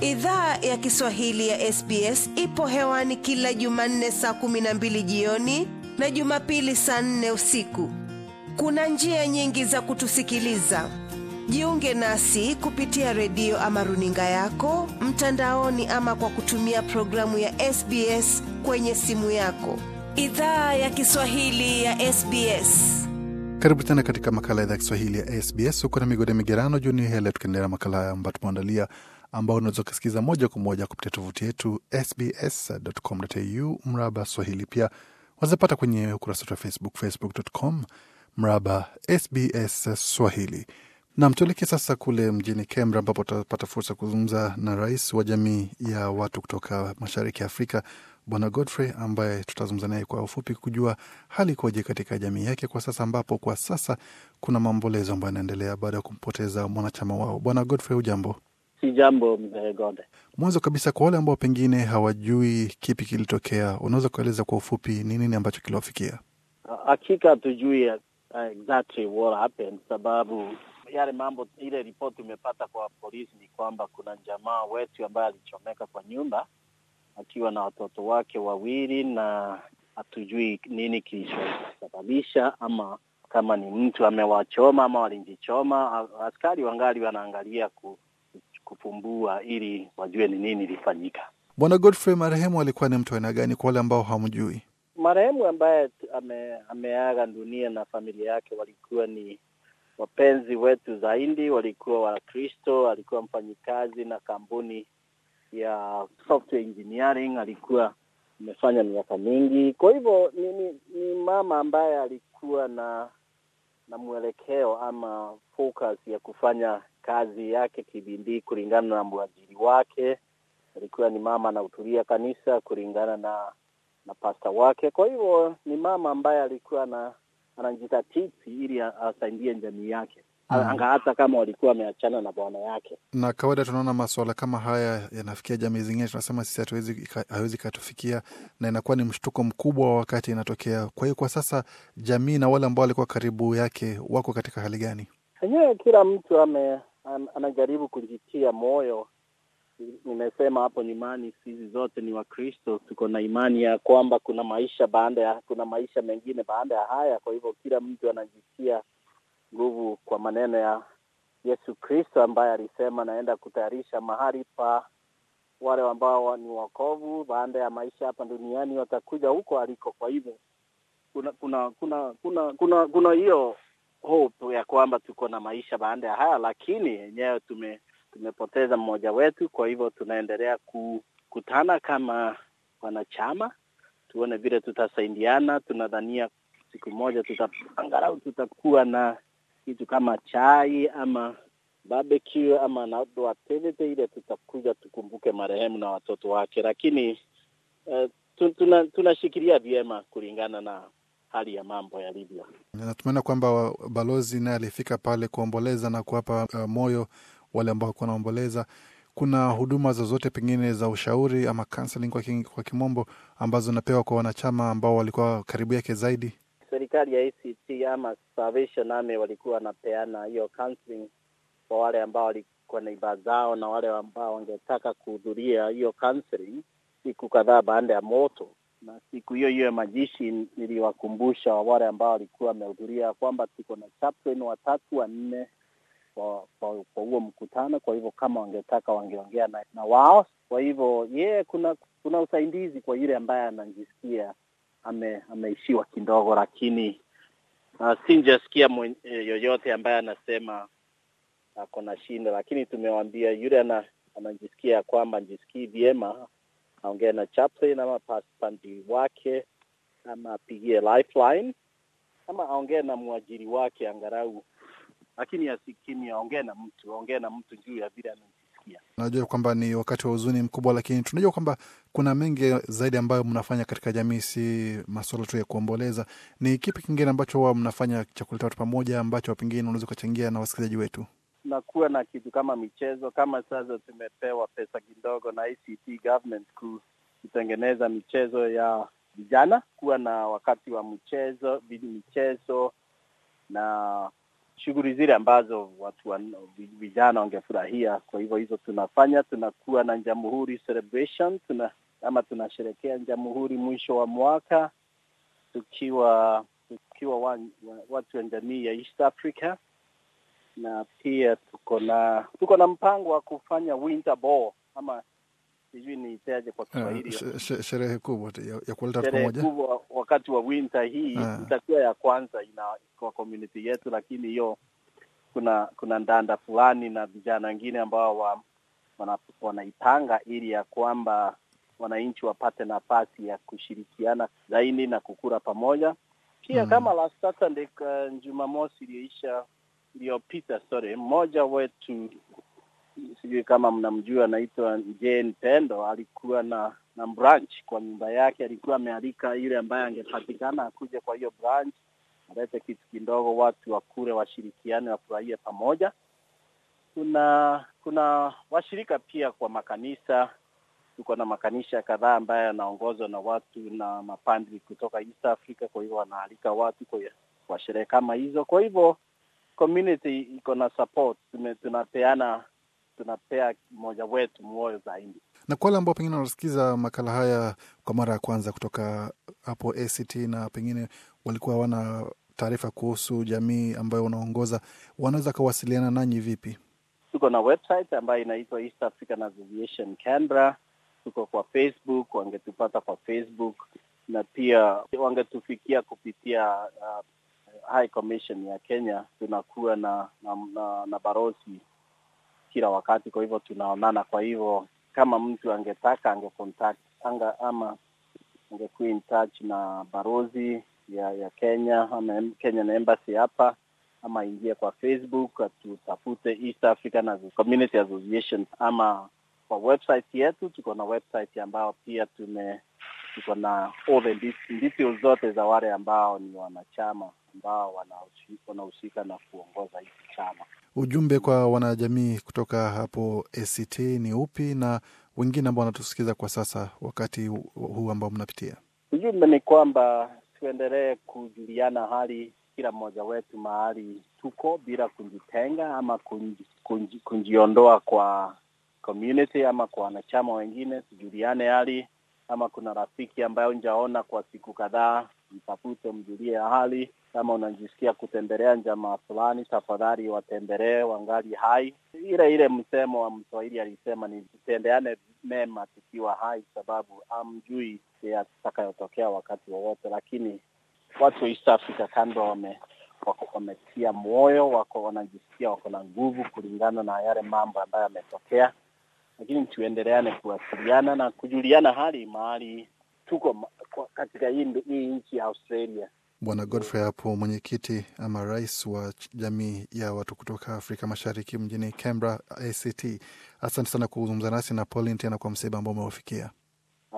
Idhaa ya Kiswahili ya SBS ipo hewani kila Jumanne saa kumi na mbili jioni na Jumapili saa nne usiku. Kuna njia nyingi za kutusikiliza. Jiunge nasi kupitia redio ama runinga yako mtandaoni, ama kwa kutumia programu ya SBS kwenye simu yako. Idhaa ya Kiswahili ya SBS. Karibu tena katika makala ya idhaa ya Kiswahili ya SBS. Huko na migode migerano juu ni hele, tukiendelea makala ya ambayo tumeandalia ambao unaweza ukasikiza moja kwa moja kupitia tovuti yetu sbs.com.au mraba Swahili. Pia wazapata kwenye ukurasa wetu wa Facebook, facebook.com mraba SBS Swahili. Nam, tuelekee sasa kule mjini cambra ambapo tutapata fursa ya kuzungumza na rais wa jamii ya watu kutoka mashariki ya Afrika Bwana Godfrey ambaye tutazungumza naye kwa ufupi kujua hali ikoje katika jamii yake kwa sasa, ambapo kwa sasa kuna maombolezo ambayo yanaendelea baada ya kumpoteza mwanachama wao. Bwana Godfrey, hujambo? si jambo mzee Mwanzo kabisa, kwa wale ambao pengine hawajui kipi kilitokea, unaweza kueleza kwa ufupi ni nini ambacho kiliwafikia? Hakika hatujui uh, exactly what happened, sababu yale mambo, ile ripoti umepata kwa polisi ni kwamba kuna jamaa wetu ambaye alichomeka kwa nyumba akiwa na watoto wake wawili, na hatujui nini kilichosababisha ama kama ni mtu amewachoma ama walijichoma. Askari wangali wanaangalia ku kufumbua ili wajue ni nini ilifanyika. Bwana Godfrey marehemu alikuwa ni mtu aina gani kwa wale ambao hamjui? Marehemu ambaye ame, ameaga dunia na familia yake walikuwa ni wapenzi wetu zaidi, walikuwa Wakristo. Alikuwa mfanyikazi na kampuni ya software engineering, alikuwa amefanya miaka mingi. Kwa hivyo ni, ni, ni mama ambaye alikuwa na na mwelekeo ama focus ya kufanya kazi yake kibindii kulingana na mwajiri wake, alikuwa ni mama anahutulia kanisa kulingana na na pasta wake. Kwa hivyo ni mama ambaye alikuwa na anajitatiti ili asaidie jamii yake mm. anga hata kama walikuwa wameachana na bwana yake. Na kawaida tunaona masuala kama haya yanafikia jamii zingine, tunasema sisi hatuwezi, hawezi ikatufikia, na inakuwa ni mshtuko mkubwa wa wakati inatokea. Kwa hiyo kwa sasa jamii na wale ambao walikuwa karibu yake wako katika hali gani? Enyewe kila mtu ame anajaribu kujitia moyo. Nimesema hapo nyumbani, sisi zote ni Wakristo, tuko na imani ya kwamba kuna maisha baada ya, kuna maisha mengine baada ya haya. Kwa hivyo kila mtu anajitia nguvu kwa maneno ya Yesu Kristo ambaye alisema naenda kutayarisha mahali pa wale ambao ni wakovu, baada ya maisha hapa duniani watakuja huko aliko. Kwa hivyo kuna kuna kuna kuna kuna hiyo hope ya kwamba tuko na maisha baada ya haya, lakini yenyewe tume, tumepoteza mmoja wetu. Kwa hivyo tunaendelea kukutana kama wanachama, tuone vile tutasaidiana. Tunadhania siku moja tuta, angalau tutakuwa na kitu kama chai ama barbecue ama na outdoor activity ile, tutakuja tukumbuke marehemu na watoto wake, lakini eh, tunashikilia tuna vyema kulingana na hali ya mambo yalivyo. Natumaini kwamba balozi naye alifika pale kuomboleza na kuwapa uh, moyo wale ambao walikuwa wanaomboleza. Kuna huduma zozote pengine za ushauri ama counseling kwa, king, kwa kimombo ambazo inapewa kwa wanachama ambao walikuwa karibu yake zaidi? Serikali ya ACT ama Salvation Army walikuwa wanapeana hiyo counseling kwa wale ambao walikuwa na ibada zao na wale ambao wangetaka kuhudhuria hiyo counseling siku kadhaa baada ya moto na siku hiyo hiyo ya majishi niliwakumbusha wale ambao walikuwa wamehudhuria kwamba tuko na chaplain watatu wanne kwa kwa huo mkutano. Kwa hivyo kama wangetaka wangeongea na, na wao. Kwa hivyo yeye, yeah, kuna kuna usaidizi kwa yule ambaye anajisikia ame, ameishiwa kidogo, lakini uh, sinjasikia eh, yoyote ambaye anasema ako na shinda lakini tumewambia yule anajisikia kwamba jisikii vyema aongee na chaplain ama pastandi wake ama apigie lifeline ama aongee na mwajiri wake angarau, lakini asikini aongee na mtu, aongee na mtu juu ya vile amejisikia. Najua kwamba ni wakati wa huzuni mkubwa, lakini tunajua kwamba kuna mengi zaidi ambayo mnafanya katika jamii, si masuala tu ya kuomboleza. Ni kipi kingine ambacho huwa mnafanya cha kuleta watu pamoja ambacho pengine unaweza ukachangia na wasikilizaji wetu? tunakuwa na kitu kama michezo. Kama sasa tumepewa pesa kidogo na ICT government kutengeneza michezo ya vijana, kuwa na wakati wa mchezo, michezo na shughuli zile ambazo watu vijana wangefurahia. Kwa hivyo hizo tunafanya, tunakuwa na jamhuri celebration, tuna ama tunasherekea jamhuri mwisho wa mwaka tukiwa tukiwa watu wa jamii ya East Africa na pia tuko na tuko na mpango wa kufanya winter ball ama sijui niitaje kwa Kiswahili, eh, sherehe kubwa ya kuleta pamoja kubwa wakati wa winter hii. Eh. Itakuwa ya kwanza ina kwa community yetu, lakini hiyo kuna kuna ndanda fulani na vijana wengine ambao wa, wana, wanaipanga ili ya kwamba wananchi wapate nafasi ya kushirikiana zaidi na kukura pamoja pia. Mm. Kama last Saturday, eh, Jumamosi iliyoisha iliyopita, sorry, mmoja wetu sijui kama mnamjua, anaitwa Jane Pendo, alikuwa na na branch kwa nyumba yake. Alikuwa amealika yule ambaye angepatikana akuja kwa hiyo branch, alete kitu kidogo, watu wakule, washirikiane, wafurahie pamoja. Kuna kuna washirika pia kwa makanisa, tuko na makanisa kadhaa ambayo yanaongozwa na watu na mapandri kutoka East Africa. Kwa hivyo wanaalika watu kwa, kwa sherehe kama hizo. Kwa hivyo community iko na support, tunapeana tunapea mmoja wetu moyo zaidi. Na kwa wale ambao pengine wanasikiza makala haya kwa mara ya kwanza kutoka hapo ACT na pengine walikuwa hawana taarifa kuhusu jamii ambayo unaongoza, wanaweza kawasiliana nanyi vipi? Tuko na website ambayo inaitwa East African Association Canberra. Tuko kwa Facebook, wangetupata kwa Facebook na pia wangetufikia kupitia uh, High Commission ya Kenya tunakuwa na na, na, na barozi kila wakati, kwa hivyo tunaonana. Kwa hivyo kama mtu angetaka ange contact anga ama angekuwa in touch na barozi ya ya Kenya ama na Embassy hapa ama ingie kwa Facebook, tutafute East African Community Association ama kwa website yetu. Tuko na website ambayo pia tume tuko na ndithio zote za wale ambao ni wanachama ambao wanahusika na kuongoza hiki chama. Ujumbe kwa wanajamii kutoka hapo ACT ni upi, na wengine ambao wanatusikiza kwa sasa wakati huu ambao mnapitia? Ujumbe ni kwamba tuendelee kujuliana hali kila mmoja wetu mahali tuko, bila kujitenga ama kunji, kunji, kujiondoa kwa community ama kwa wanachama wengine, tujuliane hali kama kuna rafiki ambayo njaona kwa siku kadhaa, mtafute, mjulie hali. Kama unajisikia kutembelea jamaa fulani, tafadhali watembelee wangali hai. Ile ile msemo wa Mswahili alisema ni tutendeane mema tukiwa hai, sababu amjui atakayotokea wakati wowote wa, lakini watu wa East Africa kando wame wametia moyo, wako wanajisikia wako na nguvu kulingana na yale mambo ambayo yametokea lakini tuendeleane kuwasiliana na kujuliana hali mahali tuko katika hii nchi ya Australia. Bwana Godfrey hapo, mwenyekiti ama rais wa jamii ya watu kutoka Afrika Mashariki mjini Canberra, ACT. Asante sana kuzungumza nasi na polin tena kwa msiba ambao umewafikia.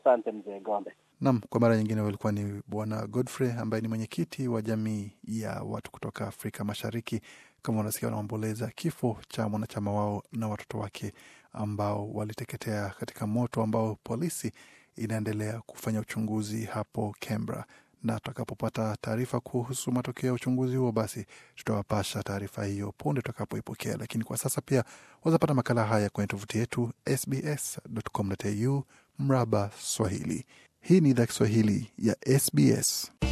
Asante mzee Gombe. Naam, kwa mara nyingine walikuwa ni Bwana Godfrey ambaye ni mwenyekiti wa jamii ya watu kutoka Afrika Mashariki, kama unasikia, wanaomboleza kifo cha mwanachama wao na watoto wake ambao waliteketea katika moto ambao polisi inaendelea kufanya uchunguzi hapo Canberra, na tutakapopata taarifa kuhusu matokeo ya uchunguzi huo, basi tutawapasha taarifa hiyo punde tutakapoipokea. Lakini kwa sasa pia wazapata makala haya kwenye tovuti yetu sbs.com.au mraba Swahili. Hii ni idhaa Kiswahili ya SBS.